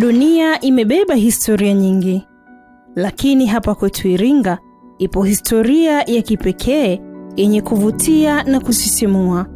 Dunia imebeba historia nyingi, lakini hapa kwetu Iringa ipo historia ya kipekee yenye kuvutia na kusisimua.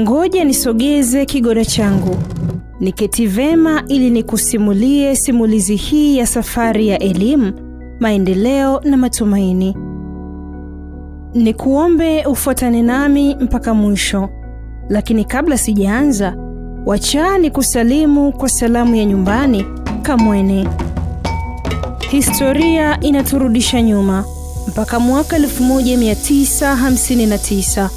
Ngoja nisogeze kigoda changu niketi vema, ili nikusimulie simulizi hii ya safari ya elimu, maendeleo na matumaini. Nikuombe ufuatane nami mpaka mwisho, lakini kabla sijaanza Wachani kusalimu kwa salamu ya nyumbani kamwene. Historia inaturudisha nyuma mpaka mwaka 1959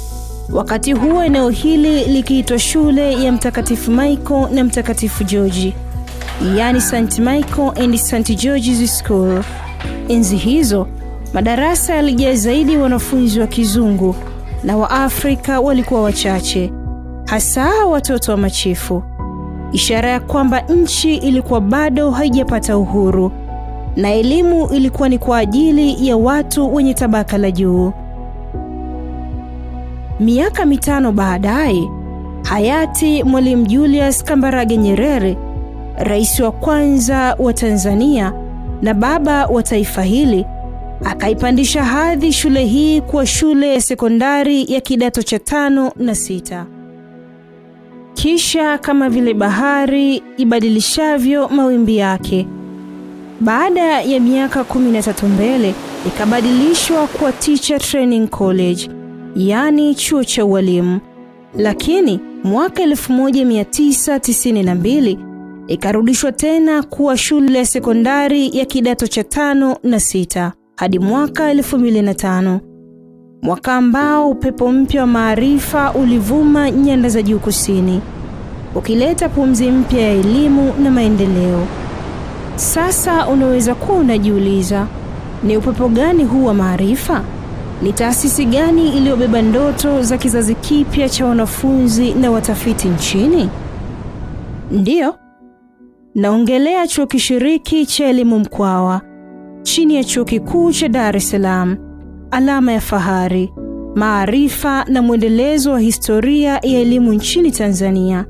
wakati huo eneo hili likiitwa shule ya Mtakatifu Michael na Mtakatifu George, yani St Michael and St George's School. Enzi hizo madarasa yalijaa zaidi wanafunzi wa kizungu na Waafrika walikuwa wachache hasa watoto wa machifu, ishara ya kwamba nchi ilikuwa bado haijapata uhuru na elimu ilikuwa ni kwa ajili ya watu wenye tabaka la juu. Miaka mitano baadaye, hayati Mwalimu Julius Kambarage Nyerere, rais wa kwanza wa Tanzania na baba wa taifa hili, akaipandisha hadhi shule hii kuwa shule ya sekondari ya kidato cha tano na sita kisha kama vile bahari ibadilishavyo mawimbi yake. Baada ya miaka 13 mbele ikabadilishwa kuwa Teacher Training College, yaani chuo cha ualimu, lakini mwaka 1992 ikarudishwa tena kuwa shule ya sekondari ya kidato cha tano na sita hadi mwaka 2005 mwaka ambao upepo mpya wa maarifa ulivuma nyanda za juu kusini, ukileta pumzi mpya ya elimu na maendeleo. Sasa unaweza kuwa unajiuliza, ni upepo gani huu wa maarifa? Ni taasisi gani iliyobeba ndoto za kizazi kipya cha wanafunzi na watafiti nchini? Ndiyo, naongelea chuo kishiriki cha elimu Mkwawa chini ya chuo kikuu cha Dar es Salaam alama ya fahari, maarifa na mwendelezo wa historia ya elimu nchini Tanzania,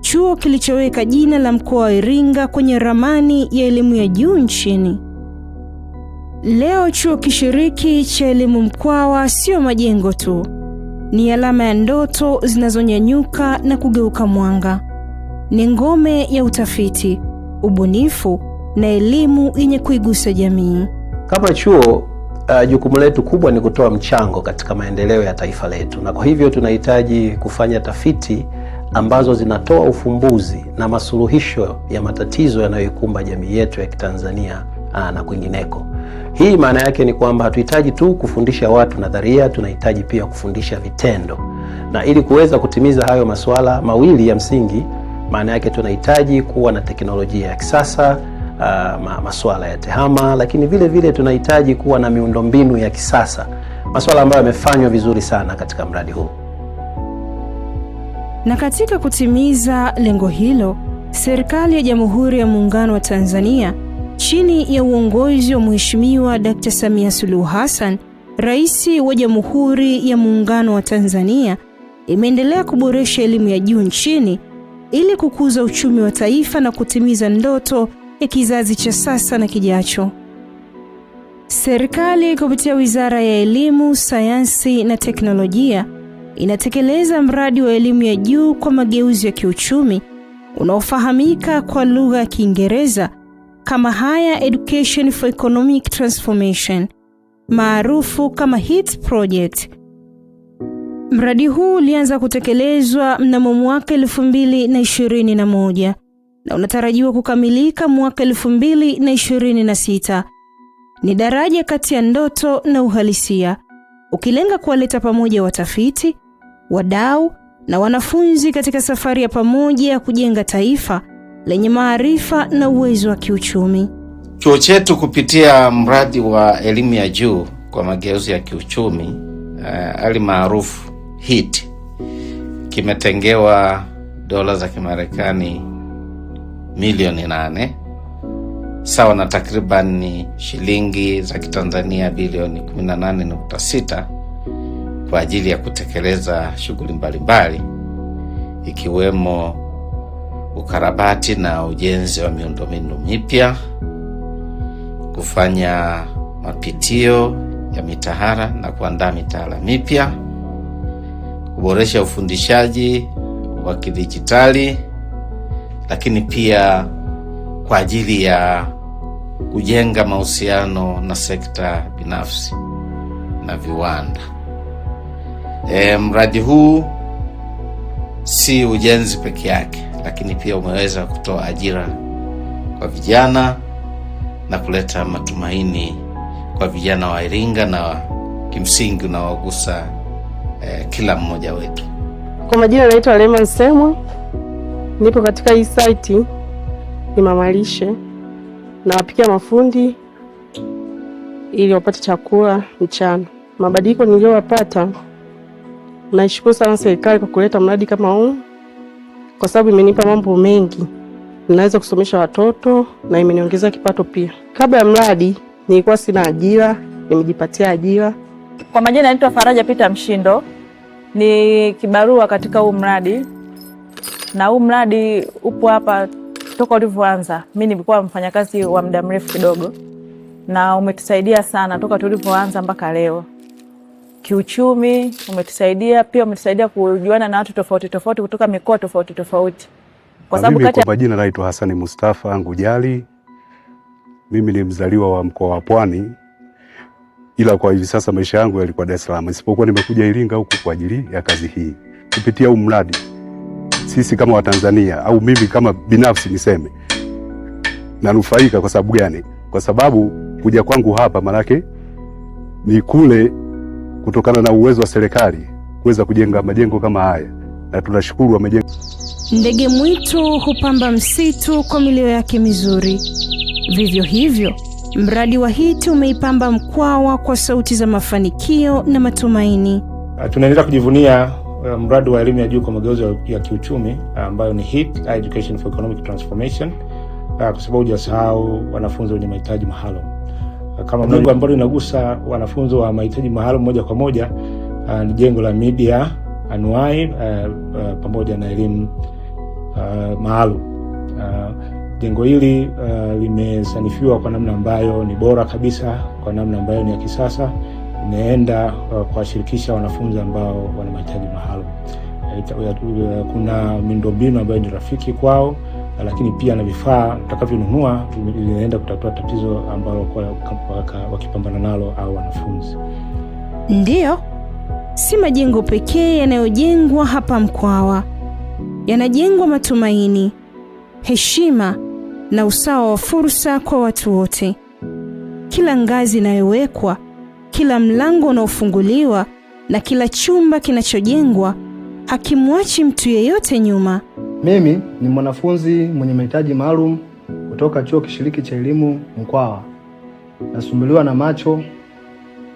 chuo kilichoweka jina la mkoa wa Iringa kwenye ramani ya elimu ya juu nchini. Leo chuo kishiriki cha elimu Mkwawa sio majengo tu, ni alama ya ndoto zinazonyanyuka na kugeuka mwanga. Ni ngome ya utafiti, ubunifu na elimu yenye kuigusa jamii. Kama chuo uh, jukumu letu kubwa ni kutoa mchango katika maendeleo ya taifa letu, na kwa hivyo tunahitaji kufanya tafiti ambazo zinatoa ufumbuzi na masuluhisho ya matatizo yanayoikumba jamii yetu ya Kitanzania eh, na kwingineko. Hii maana yake ni kwamba hatuhitaji tu kufundisha watu nadharia, tunahitaji pia kufundisha vitendo, na ili kuweza kutimiza hayo masuala mawili ya msingi, maana yake tunahitaji kuwa na teknolojia ya kisasa uh, masuala ya tehama, lakini vile vile tunahitaji kuwa na miundombinu ya kisasa, masuala ambayo yamefanywa vizuri sana katika mradi huu. Na katika kutimiza lengo hilo, serikali ya Jamhuri ya Muungano wa Tanzania chini ya uongozi wa Mheshimiwa Dkt. Samia Suluhu Hassan, Rais wa Jamhuri ya Muungano wa Tanzania, imeendelea kuboresha elimu ya juu nchini ili kukuza uchumi wa taifa na kutimiza ndoto ya kizazi cha sasa na kijacho. Serikali kupitia Wizara ya Elimu, Sayansi na Teknolojia inatekeleza mradi wa elimu ya juu kwa mageuzi ya kiuchumi unaofahamika kwa lugha ya Kiingereza kama Higher Education for Economic Transformation maarufu kama hit Project. Mradi huu ulianza kutekelezwa mnamo mwaka 2021 na unatarajiwa kukamilika mwaka 2026. Ni daraja kati ya ndoto na uhalisia, ukilenga kuwaleta pamoja watafiti, wadau na wanafunzi katika safari ya pamoja ya kujenga taifa lenye maarifa na uwezo wa kiuchumi. Chuo chetu kupitia mradi wa elimu ya juu kwa mageuzi ya kiuchumi uh, eh, ali maarufu HEET kimetengewa dola za Kimarekani milioni nane sawa na takriban shilingi za Kitanzania bilioni 18.6 kwa ajili ya kutekeleza shughuli mbalimbali ikiwemo ukarabati na ujenzi wa miundombinu mipya, kufanya mapitio ya mitahara na kuandaa mitahara mipya, kuboresha ufundishaji wa kidijitali lakini pia kwa ajili ya kujenga mahusiano na sekta binafsi na viwanda. E, mradi huu si ujenzi peke yake, lakini pia umeweza kutoa ajira kwa vijana na kuleta matumaini kwa vijana wa Iringa na kimsingi unawagusa eh, kila mmoja wetu. Kwa majina naitwa Lema Semwa. Nipo katika hii site ni mamalishe, nawapikia mafundi ili wapate chakula mchana. Mabadiliko niliyowapata, naishukuru sana serikali kwa kuleta mradi kama huu, kwa sababu imenipa mambo mengi. Ninaweza kusomesha watoto na imeniongezea kipato pia. Kabla ya mradi nilikuwa sina ajira, nimejipatia ajira. Kwa majina naitwa Faraja Peter Mshindo, ni kibarua katika huu mradi na huu mradi upo hapa toka ulivyoanza. Mi nilikuwa mfanyakazi wa muda mrefu kidogo, na umetusaidia sana toka tulivyoanza mpaka leo. Kiuchumi umetusaidia pia, umetusaidia kujuana na watu tofauti tofauti kutoka mikoa tofauti tofauti, kwa sababu kati... kwa jina naitwa Hasani Mustafa Ngujali. Mimi ni mzaliwa wa mkoa wa Pwani, ila kwa hivi sasa maisha yangu yalikuwa Dar es Salaam, isipokuwa nimekuja Iringa huku kwa ajili ya kazi hii kupitia huu mradi sisi kama Watanzania au mimi kama binafsi niseme nanufaika. Kwa sababu gani? Kwa sababu kuja kwangu hapa manake ni kule kutokana na uwezo wa serikali kuweza kujenga majengo kama haya, na tunashukuru wamejenga. Ndege mwitu hupamba msitu kwa milio yake mizuri, vivyo hivyo mradi wa hiti umeipamba Mkwawa kwa sauti za mafanikio na matumaini. Tunaendelea kujivunia Um, mradi wa elimu ya juu kwa mageuzi ya kiuchumi uh, ambayo ni HIT, Education for Economic Transformation, uh, kwa sababu hujasahau wanafunzi wenye mahitaji maalum uh, kama mlengo ambalo inagusa wanafunzi wa mahitaji maalum moja kwa moja ni jengo la media anuai pamoja na elimu maalum. Jengo hili limesanifiwa kwa namna ambayo ni bora kabisa, kwa namna ambayo ni ya kisasa imeenda uh, kuwashirikisha wanafunzi ambao wana mahitaji maalum. Kuna miundombinu ambayo ni rafiki kwao, lakini pia na vifaa tutakavyonunua vinaenda kutatua tatizo ambalo wakipambana nalo au wanafunzi. Ndiyo, si majengo pekee yanayojengwa hapa Mkwawa, yanajengwa matumaini, heshima na usawa wa fursa kwa watu wote. Kila ngazi inayowekwa kila mlango unaofunguliwa na kila chumba kinachojengwa, hakimwachi mtu yeyote nyuma. Mimi ni mwanafunzi mwenye mahitaji maalum kutoka chuo kishiriki cha elimu Mkwawa. Nasumbuliwa na macho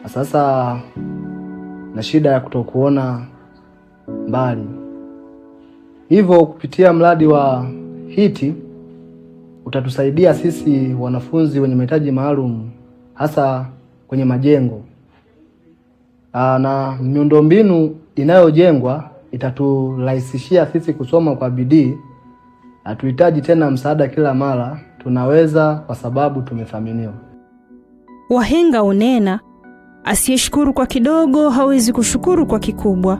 na sasa na shida ya kutokuona mbali, hivyo kupitia mradi wa hiti utatusaidia sisi wanafunzi wenye mahitaji maalum hasa kwenye majengo Ah, na miundombinu inayojengwa itaturahisishia sisi kusoma kwa bidii. Hatuhitaji tena msaada kila mara, tunaweza kwa sababu tumethaminiwa. Wahenga unena, asiyeshukuru kwa kidogo hawezi kushukuru kwa kikubwa.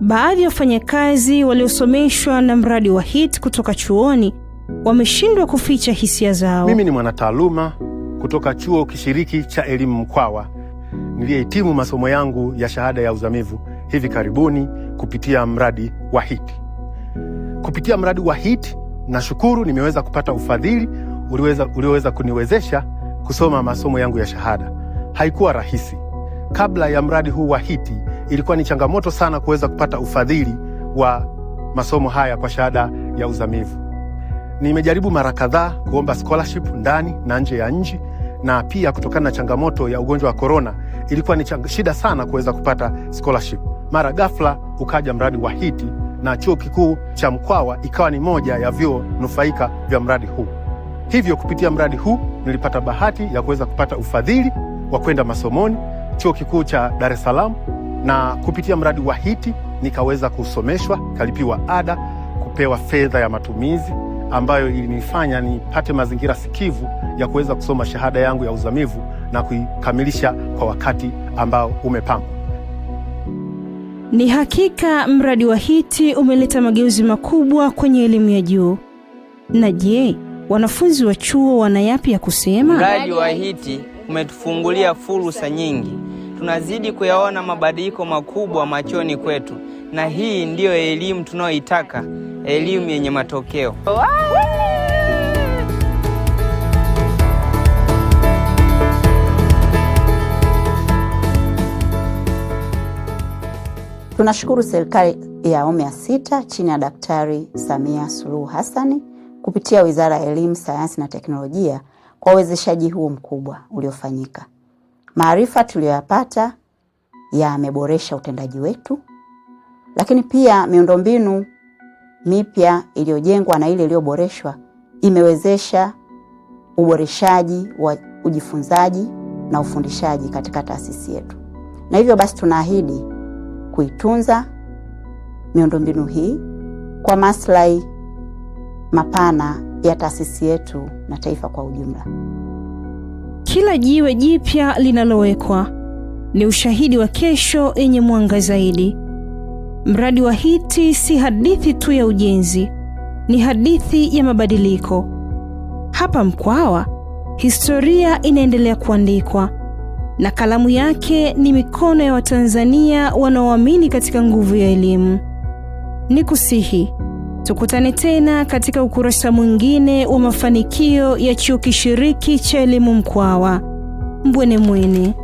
Baadhi ya wafanyakazi waliosomeshwa na mradi wa HIT kutoka chuoni wameshindwa kuficha hisia zao. Mimi ni mwanataaluma kutoka chuo kishiriki cha elimu Mkwawa niliyehitimu masomo yangu ya shahada ya uzamivu hivi karibuni kupitia mradi wa HEET. Kupitia mradi wa HEET nashukuru nimeweza kupata ufadhili ulioweza kuniwezesha kusoma masomo yangu ya shahada. Haikuwa rahisi. Kabla ya mradi huu wa HEET, ilikuwa ni changamoto sana kuweza kupata ufadhili wa masomo haya kwa shahada ya uzamivu. Nimejaribu mara kadhaa kuomba scholarship ndani na nje ya nchi, na pia kutokana na changamoto ya ugonjwa wa korona, ilikuwa ni shida sana kuweza kupata scholarship. Mara ghafla ukaja mradi wa hiti na chuo kikuu cha Mkwawa ikawa ni moja ya vyuo nufaika vya mradi huu. Hivyo kupitia mradi huu nilipata bahati ya kuweza kupata ufadhili wa kwenda masomoni chuo kikuu cha Dar es Salaam, na kupitia mradi wa hiti nikaweza kusomeshwa, kalipiwa ada, kupewa fedha ya matumizi ambayo ilinifanya nipate mazingira sikivu ya kuweza kusoma shahada yangu ya uzamivu na kuikamilisha kwa wakati ambao umepangwa. Ni hakika mradi wa hiti umeleta mageuzi makubwa kwenye elimu ya juu. Na je, wanafunzi wa chuo wana yapi ya kusema? Mradi wa hiti umetufungulia fursa nyingi, tunazidi kuyaona mabadiliko makubwa machoni kwetu na hii ndiyo elimu tunayoitaka, elimu yenye matokeo. Tunashukuru serikali ya awamu ya sita chini ya Daktari Samia Suluhu Hassani kupitia Wizara ya Elimu, Sayansi na Teknolojia kwa uwezeshaji huu mkubwa uliofanyika. Maarifa tuliyoyapata yameboresha utendaji wetu lakini pia miundombinu mipya iliyojengwa na ile iliyoboreshwa imewezesha uboreshaji wa ujifunzaji na ufundishaji katika taasisi yetu, na hivyo basi tunaahidi kuitunza miundombinu hii kwa maslahi mapana ya taasisi yetu na taifa kwa ujumla. Kila jiwe jipya linalowekwa ni ushahidi wa kesho yenye mwanga zaidi. Mradi wa hiti si hadithi tu ya ujenzi, ni hadithi ya mabadiliko. Hapa Mkwawa, historia inaendelea kuandikwa na kalamu yake ni mikono ya Watanzania wanaoamini katika nguvu ya elimu. Nikusihi, tukutane tena katika ukurasa mwingine wa mafanikio ya Chuo Kishiriki cha Elimu Mkwawa. Mbwene mwene.